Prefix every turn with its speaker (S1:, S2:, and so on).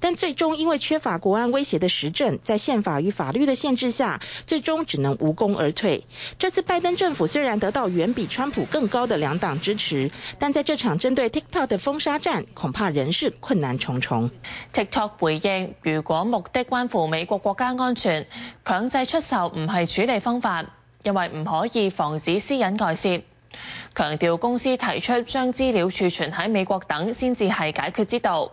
S1: 但最終因為缺乏國安威脅的實證，在憲法與法律的限制下，最終只能無功而退。這次拜登政府雖然得到遠比川普更高的兩黨支持，但在這場針對 TikTok 的封殺戰，恐怕仍是困難重重。TikTok 回應：如果目的關乎美國國家安全，強制出售唔係處理方法，
S2: 因為唔可以防止私隱外泄。強調公司提出將資料儲存喺美國等先至係解決之道。